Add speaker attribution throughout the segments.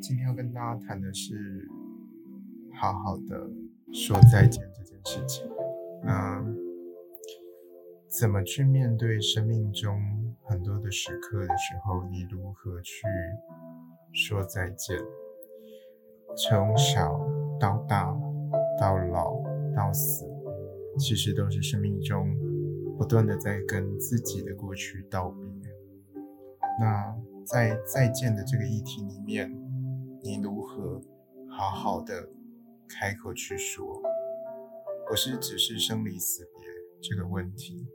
Speaker 1: 今天要跟大家談的是，好好的說再見這件事情。那怎麼去面對生命中很多的時刻的時候，你如何去說再見？從小到大，到老到死，其實都是生命中不斷的在跟自己的過去道別。那在再見的這個議題裡面。你如何好好的開口去說？不是只是生離死別這個問題，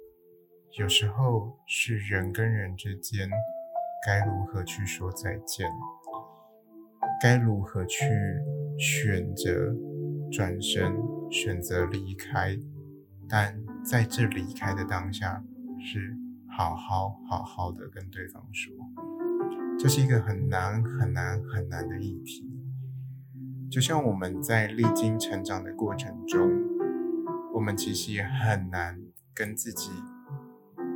Speaker 1: 有時候是人跟人之間該如何去說再見，該如何去選擇轉身、選擇離開，但在這離開的當下，是好好好好的跟對方說。這是一個很難、很難、很難的議題。就像我們在歷經成長的過程中，我們其實也很難跟自己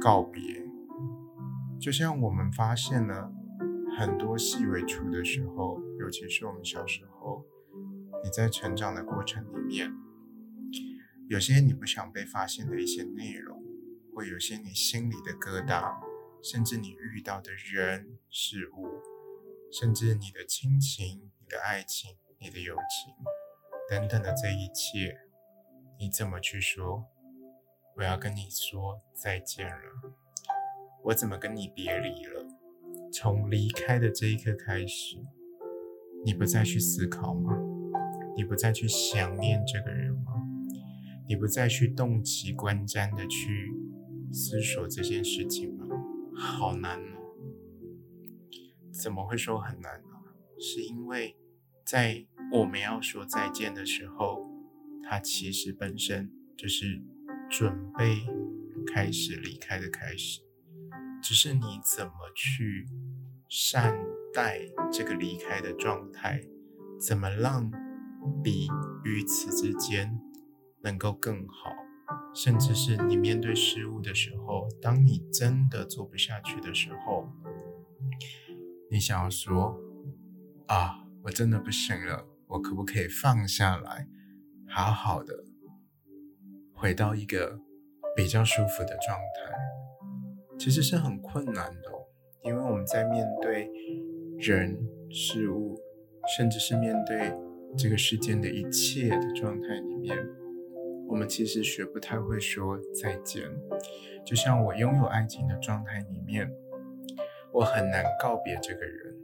Speaker 1: 告別。就像我們發現了很多細微處的時候，尤其是我們小時候，你在成長的過程裡面，有些你不想被發現的一些內容，或有些你心裡的疙瘩。甚至你遇到的人、事物，甚至你的親情、你的愛情、你的友情等等的這一切，你怎麼去說？我要跟你說再見了，我怎麼跟你別離了？從離開的這一刻開始，你不再去思考嗎？你不再去想念這個人嗎？你不再去動其觀瞻的去思索這件事情嗎？好難哦，喔，怎麼會說很難呢？啊，是因為在我們要說再見的時候，他其實本身就是準備開始離開的開始，只，就是你怎麼去善待這個離開的狀態，怎麼讓彼與此之間能夠更好。甚至是你面對事物的時候，當你真的做不下去的時候，你想要說：“啊，我真的不行了，我可不可以放下來，好好的回到一個比較舒服的狀態？”其實是很困難的哦，因為我們在面對人、事物，甚至是面對這個世間的一切的狀態裡面。我們其實學不太會說再見，就像我擁有愛情的狀態裡面，我很難告別這個人，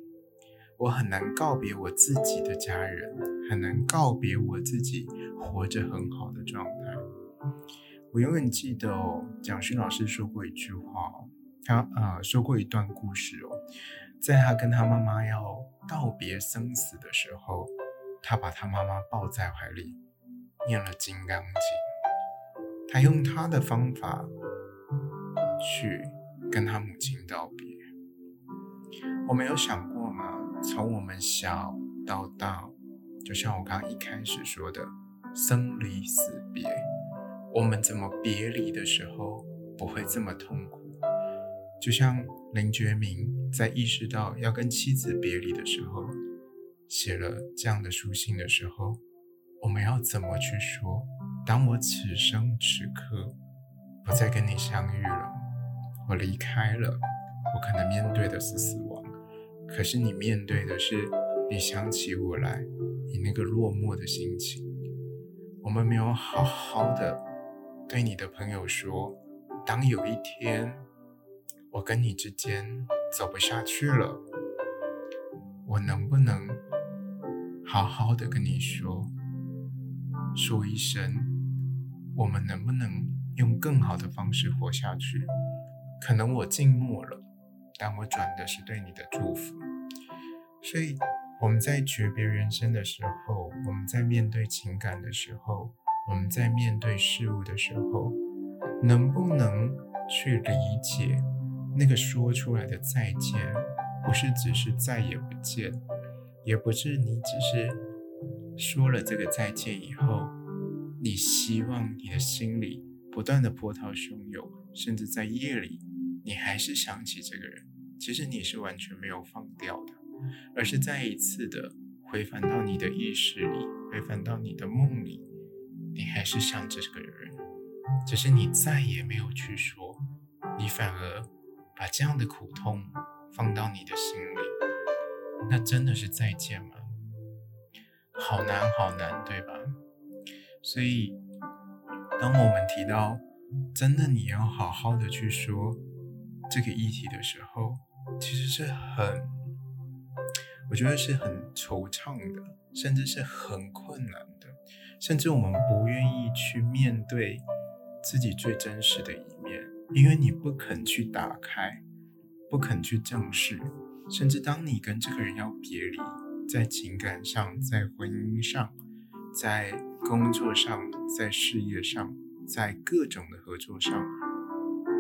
Speaker 1: 我很難告別我自己的家人，很難告別我自己活着很好的狀態。我永遠記得哦，蔣勳老師說過一句話哦，他啊，呃，說過一段故事哦，在他跟他媽媽要道別生死的時候，他把他媽媽抱在懷裡。念了《金剛經》，他用他的方法去跟他母親道別。我沒有想過嗎？從我們小到大，就像我剛剛一開始說的，生離死別，我們怎麼別離的時候不會這麼痛苦？就像林覺民在意識到要跟妻子別離的時候，寫了這樣的書信的時候。我們要怎麼去說？當我此生此刻不再跟你相遇了，我離開了，我可能面對的是死亡，可是你面對的是，你想起我來，你那個落寞的心情。我們沒有好好的對你的朋友說，當有一天我跟你之間走不下去了，我能不能好好的跟你說？說一聲，我們能不能用更好的方式活下去？可能我靜默了，但我轉的是對你的祝福。所以，我們在訣別人生的時候，我們在面對情感的時候，我們在面對事物的時候，能不能去理解那個說出來的再見，不是只是再也不見，也不是你只是。說了這個再見以後，你希望你的心裡不斷的波濤洶湧，甚至在夜裡，你還是想起這個人。其實你是完全沒有放掉的，而是再一次的回返到你的意識裡，回返到你的夢裡，你還是想這個人，只是你再也沒有去說，你反而把這樣的苦痛放到你的心裡。那真的是再見嗎？好難，好難，對吧？所以，當我們提到真的你要好好的去說這個議題的時候，其實是很，我覺得是很惆悵的，甚至是很困難的，甚至我們不願意去面對自己最真實的一面，因為你不肯去打開，不肯去正視，甚至當你跟這個人要別離。在情感上，在婚姻上，在工作上，在事業上，在各種的合作上，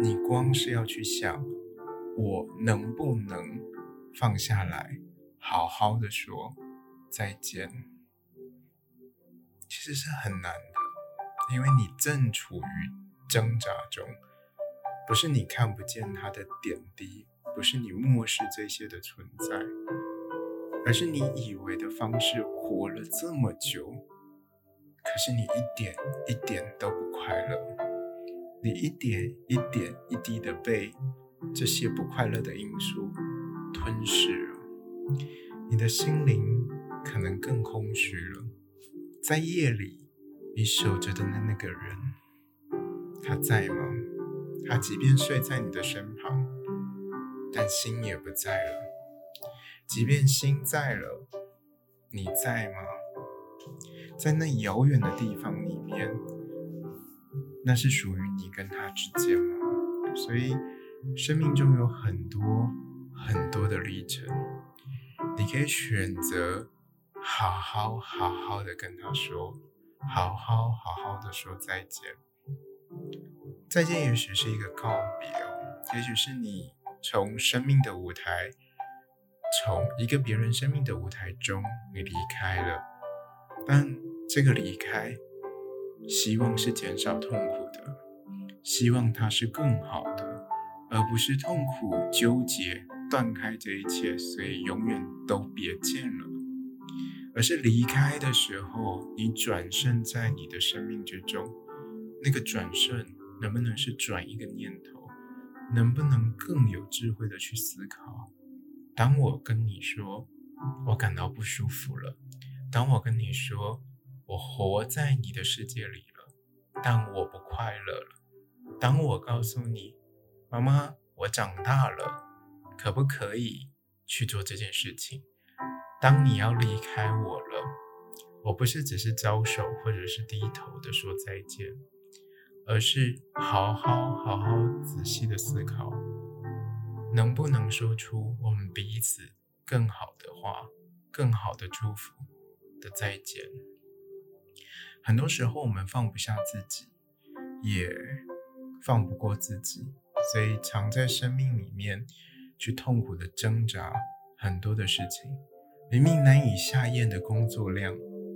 Speaker 1: 你光是要去想我能不能放下來，好好的說再見，其實是很難的，因為你正處於掙扎中，不是你看不見它的點滴，不是你漠視這些的存在。而是你以為的方式活了這麼久，可是你一點一點都不快樂，你一點一點一滴的被這些不快樂的因素吞噬了，你的心靈可能更空虛了。在夜裡，你守着的那個人，他在嗎？他即便睡在你的身旁，但心也不在了。即便心在了，你在嗎？在那遙遠的地方裡面，那是屬於你跟他之間嗎？所以，生命中有很多很多的歷程，你可以選擇好好好好的跟他說，好好好好，好的說再見。再見，也許是一個告別，也許是你從生命的舞台。從一個別人生命的舞台中，你離開了，但這個離開，希望是減少痛苦的，希望它是更好的，而不是痛苦糾結斷開這一切，所以永遠都別見了，而是離開的時候，你轉身在你的生命之中，那個轉身能不能是轉一個念頭，能不能更有智慧的去思考？當我跟你說我感到不舒服了，當我跟你說我活在你的世界裡了，但我不快樂了，當我告訴你媽媽我長大了，可不可以去做這件事情？當你要離開我了，我不是只是招手或者是低頭的說再見，而是好好好好仔細的思考。能不能說出我們彼此更好的話，更好的祝福的再見？很多時候，我們放不下自己，也放不過自己，所以常在生命裡面去痛苦的掙扎。很多的事情，明明難以下咽的工作量，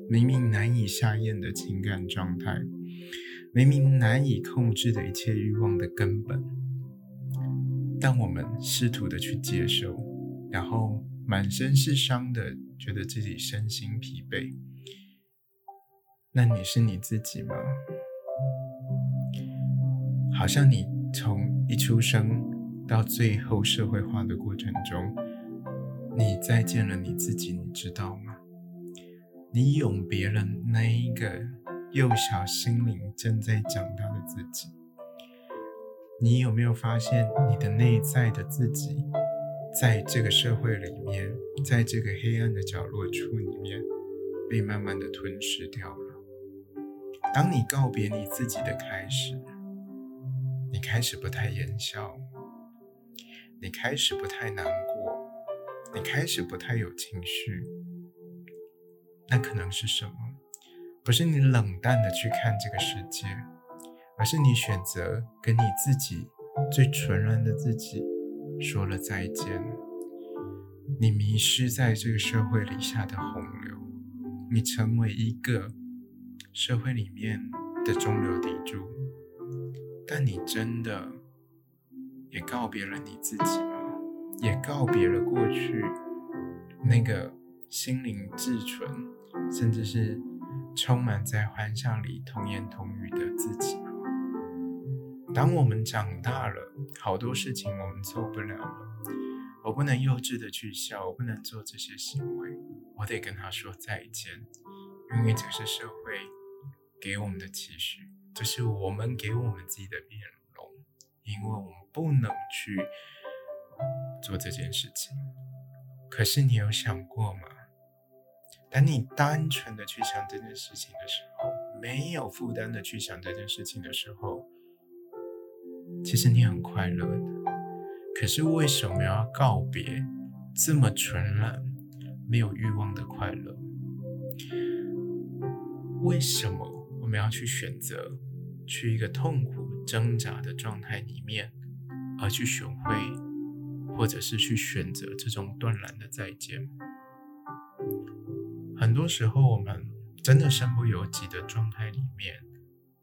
Speaker 1: 明明難以下咽的情感狀態，明明難以控制的一切欲望的根本。當我們試圖的去接受，然後滿身是傷的，覺得自己身心疲憊，那你是你自己嗎？好像你從一出生到最後社會化的過程中，你再見了你自己，你知道嗎？你永別了那一個幼小心靈正在長大的自己。你有沒有發現，你的內在的自己，在這個社會裡面，在這個黑暗的角落處裡面，被慢慢的吞噬掉了？當你告別你自己的開始，你開始不太言笑，你開始不太難過，你開始不太有情緒，那可能是什麼？不是你冷淡的去看這個世界。而是你選擇跟你自己最純然的自己說了再見，你迷失在這個社會底下的洪流，你成為一個社會裡面的中流砥柱，但你真的也告別了你自己嗎？也告別了過去那個心靈至純，甚至是充滿在歡笑裡童言童語的自己。當我們長大了，好多事情我們做不了了。我不能幼稚的去笑，我不能做這些行為，我得跟他說再見，因為這是社會給我們的期許，這、就是我們給我們自己的面容。因為我們不能去做這件事情。可是你有想過嗎？當你單純的去想這件事情的時候，沒有負擔的去想這件事情的時候。其實你很快樂的，可是為什麼要告別這麼純然、沒有慾望的快樂？為什麼我們要去選擇去一個痛苦掙扎的狀態裡面，而去學會，或者是去選擇這種斷然的再見？很多時候，我們真的身不由己的狀態裡面。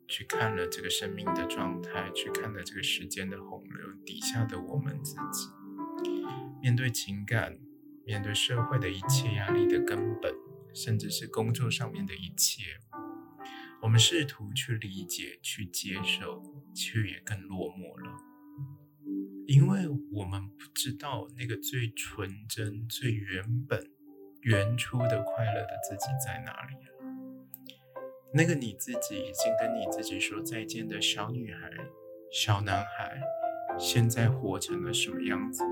Speaker 1: 去看了這個生命的狀態，去看了這個時間的洪流底下的我們自己，面對情感，面對社會的一切壓力的根本，甚至是工作上面的一切，我們試圖去理解、去接受，卻也更落寞了，因為我們不知道那個最純真、最原本、原初的快樂的自己在哪裡。那個你自己已經跟你自己說再見的小女孩、小男孩，現在活成了什麼樣子？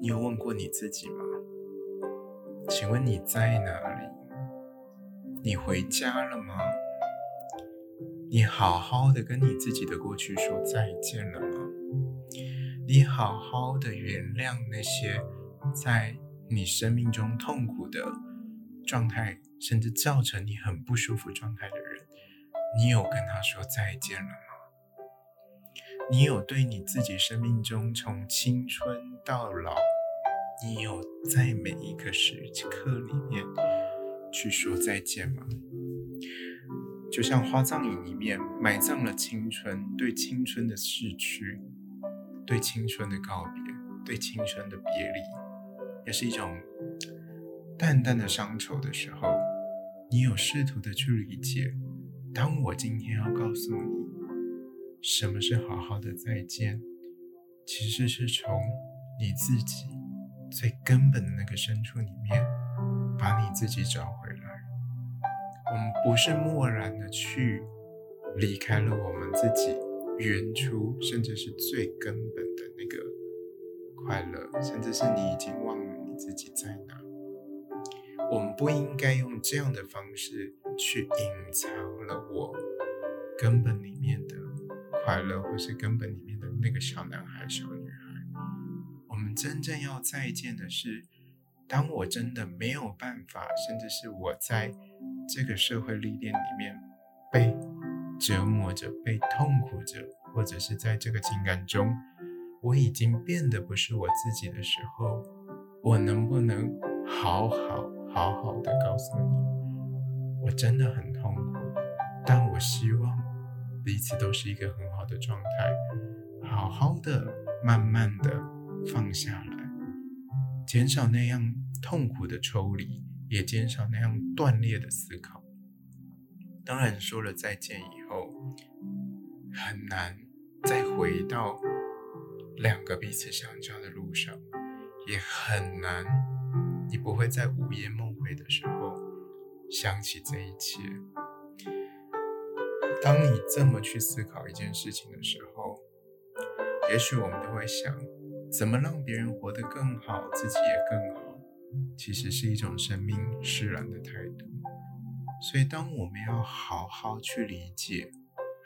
Speaker 1: 你有問過你自己嗎？請問你在哪裡？你回家了嗎？你好好的跟你自己的過去說再見了嗎？你好好的原諒那些在你生命中痛苦的狀態？甚至造成你很不舒服狀態的人，你有跟他說再見了嗎？你有對你自己生命中從青春到老，你有在每一個時刻裡面去說再見嗎？就像花葬裡面埋葬了青春，對青春的逝去，對青春的告別，對青春的別離，也是一種淡淡的傷愁的時候。你有試圖的去理解，當我今天要告訴你什麼是好好的再見，其實是從你自己最根本的那個深處裡面，把你自己找回來。我們不是漠然的去離開了我們自己原初，甚至是最根本的那個快樂，甚至是你已經忘了你自己在哪。我們不應該用這樣的方式去隱藏了我根本裡面的快樂，或是根本裡面的那個小男孩、小女孩。我們真正要再見的是，當我真的沒有辦法，甚至是我在這個社會歷練裡面被折磨着、被痛苦着，或者是在這個情感中，我已經變得不是我自己的時候，我能不能好好？好好的告訴你，我真的很痛苦，但我希望彼此都是一個很好的狀態，好好的、慢慢的放下來，減少那樣痛苦的抽離，也減少那樣斷裂的思考。當然，說了再見以後，很難再回到兩個彼此相交的路上，也很難。你不會在午夜夢回的時候想起這一切。當你這麼去思考一件事情的時候，也許我們都會想，怎麼讓別人活得更好，自己也更好，其實是一種生命釋然的態度。所以，當我們要好好去理解，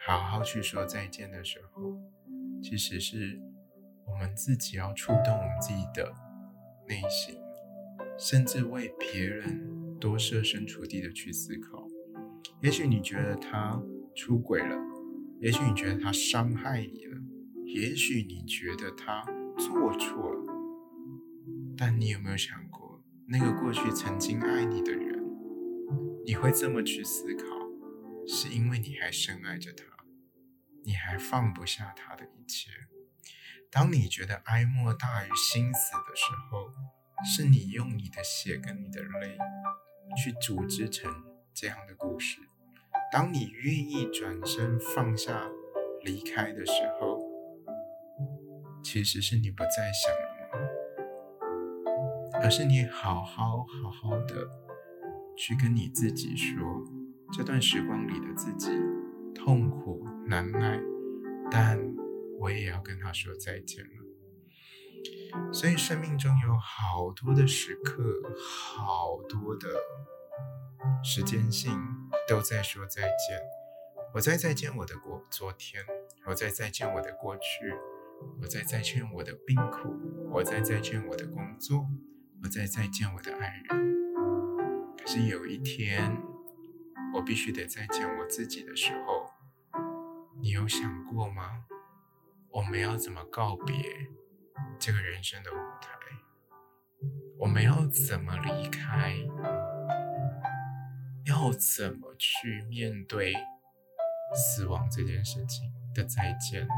Speaker 1: 好好去說再見的時候，其實是我們自己要觸動我們自己的內心。甚至為別人多設身處地的去思考，也許你覺得他出軌了，也許你覺得他傷害你了，也許你覺得他做錯了，但你有沒有想過，那個過去曾經愛你的人，你會這麼去思考，是因為你還深愛着他，你還放不下他的一切。當你覺得哀莫大於心死的時候。是你用你的血跟你的淚去組織成這樣的故事。當你願意轉身放下、離開的時候，其實是你不再想了，而是你好好好好的去跟你自己說，這段時光裡的自己，痛苦難耐，但我也要跟他說再見了。所以生命中有好多的時刻，好多的時間性都在說再見。我在再見我的過昨天，我在再見我的過去，我在再見我的病苦，我在再見我的工作，我在再見我的愛人。可是有一天，我必須得再見我自己的時候，你有想過嗎？我們要怎麼告別？這個人生的舞台，我們要怎麼離開？要怎麼去面對死亡這件事情的再見？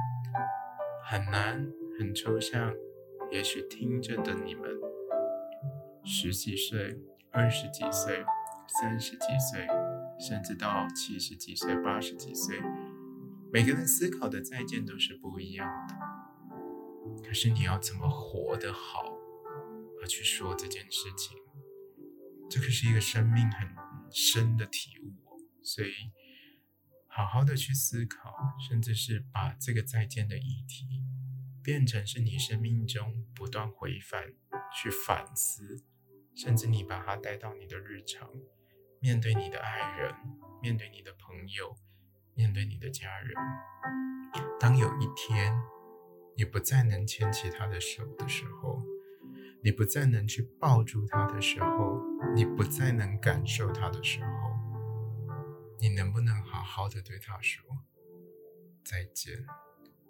Speaker 1: 很難，很抽象。也許聽着的你們，十幾歲、二十幾歲、三十幾歲，甚至到七十幾歲、八十幾歲，每個人思考的再見都是不一樣的。可是你要怎麼活得好，而去說這件事情，這個是一個生命很深的體悟，所以好好的去思考，甚至是把這個再見的議題，變成是你生命中不斷回返去反思，甚至你把它帶到你的日常，面對你的愛人，面對你的朋友，面對你的家人，當有一天。你不再能牽起他的手的時候，你不再能去抱住他的時候，你不再能感受他的時候，你能不能好好的對他說再見？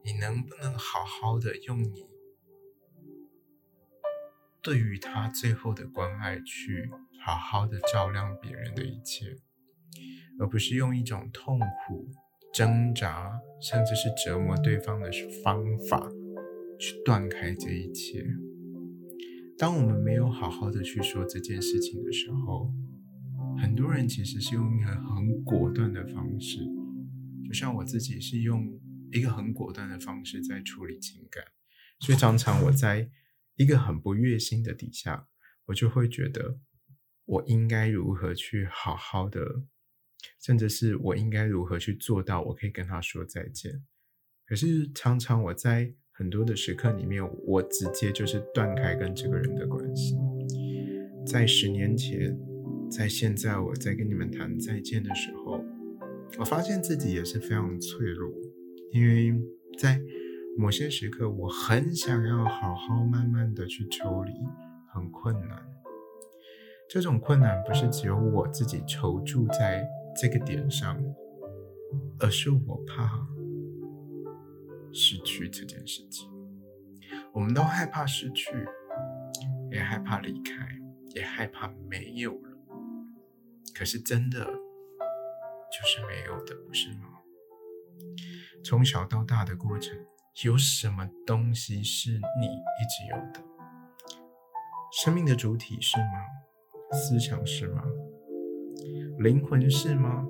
Speaker 1: 你能不能好好的用你對於他最後的關愛去好好的照亮別人的一切，而不是用一種痛苦、掙扎，甚至是折磨對方的方法？去斷開這一切。當我們沒有好好的去說這件事情的時候，很多人其實是用一個很果斷的方式，就像我自己是用一個很果斷的方式在處理情感，所以常常我在一個很不悅心的底下，我就會覺得我應該如何去好好的，甚至是我應該如何去做到我可以跟他說再見。可是常常我在。很多的時刻裡面，我直接就是斷開跟這個人的關係。在十年前，在現在，我在跟你們談再見的時候，我發現自己也是非常脆弱。因為在某些時刻，我很想要好好、慢慢的去處理，很困難。這種困難不是只有我自己躊躇在這個點上，而是我怕。失去這件事情，我們都害怕失去，也害怕離開，也害怕沒有了。可是真的就是沒有的，不是嗎？從小到大的過程，有什麼東西是你一直有的？生命的主體是嗎？思想是嗎？靈魂是嗎？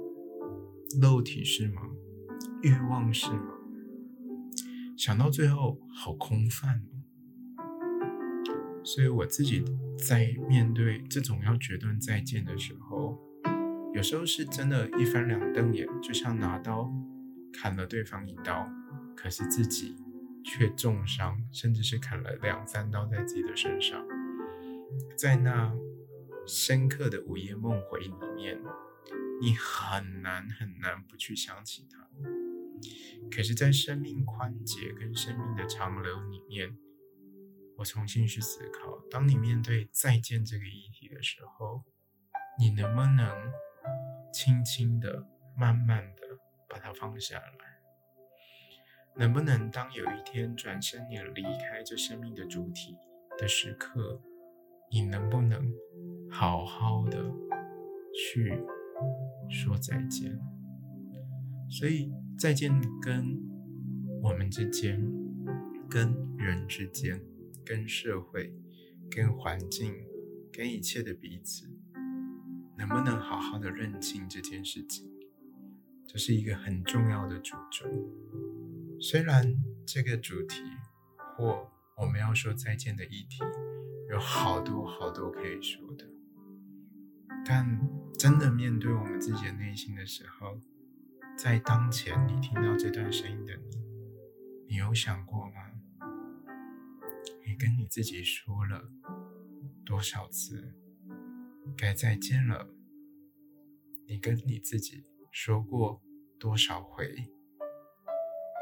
Speaker 1: 肉體是嗎？慾望是嗎？想到最後，好空泛哦。所以我自己在面對這種要決斷再見的時候，有時候是真的一翻兩瞪眼，就像拿刀砍了對方一刀，可是自己卻重傷，甚至是砍了兩三刀在自己的身上。在那深刻的午夜夢回裡面，你很難很難不去想起他。可是，在生命寬解跟生命的長流裡面，我重新去思考：當你面對再見這個議題的時候，你能不能輕輕地、慢慢地把它放下來？能不能當有一天轉身你離開這生命的主體的時刻，你能不能好好的去說再見？所以。再見，跟我們之間、跟人之間、跟社會、跟環境、跟一切的彼此，能不能好好的認清這件事情，這是一個很重要的主題。雖然這個主題，或我們要說再見的議題，有好多好多可以說的，但真的面對我們自己的內心的時候。在當前你聽到這段聲音的你，你有想過嗎？你跟你自己說了多少次該再見了？你跟你自己說過多少回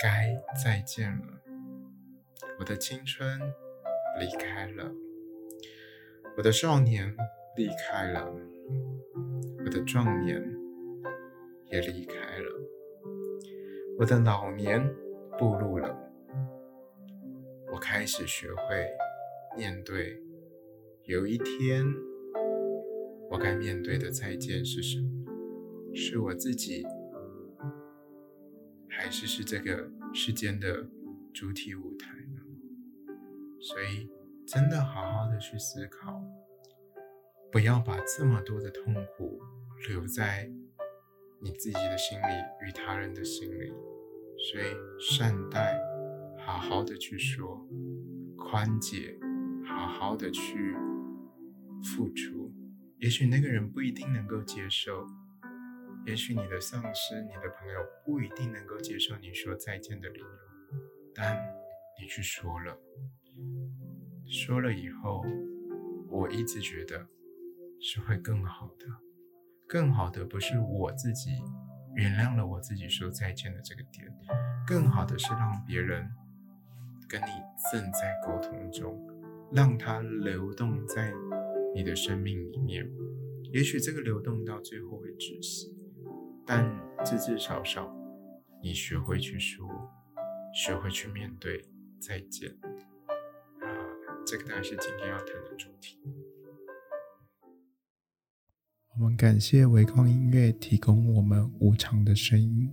Speaker 1: 該再見了？我的青春離開了，我的少年離開了，我的壯年。也離開了，我的老年步入了，我開始學會面對，有一天我該面對的再見是什麼？是我自己，還是是這個世間的主體舞台呢？所以，真的好好的去思考，不要把這麼多的痛苦留在。你自己的心理與他人的心理，所以善待，好好的去說，寬解，好好的去付出。也許那個人不一定能夠接受，也許你的上司、你的朋友不一定能夠接受你說再見的理由，但你去說了，說了以後，我一直覺得是會更好的。更好的不是我自己原諒了我自己說再見的這個點，更好的是讓別人跟你正在溝通中，讓它流動在你的生命裡面。也許這個流動到最後會止息，但至至少少，你學會去說，學會去面對再見。啊、呃，這個當然是今天要談的主題。我們感謝唯光音樂提供我們無償的聲音。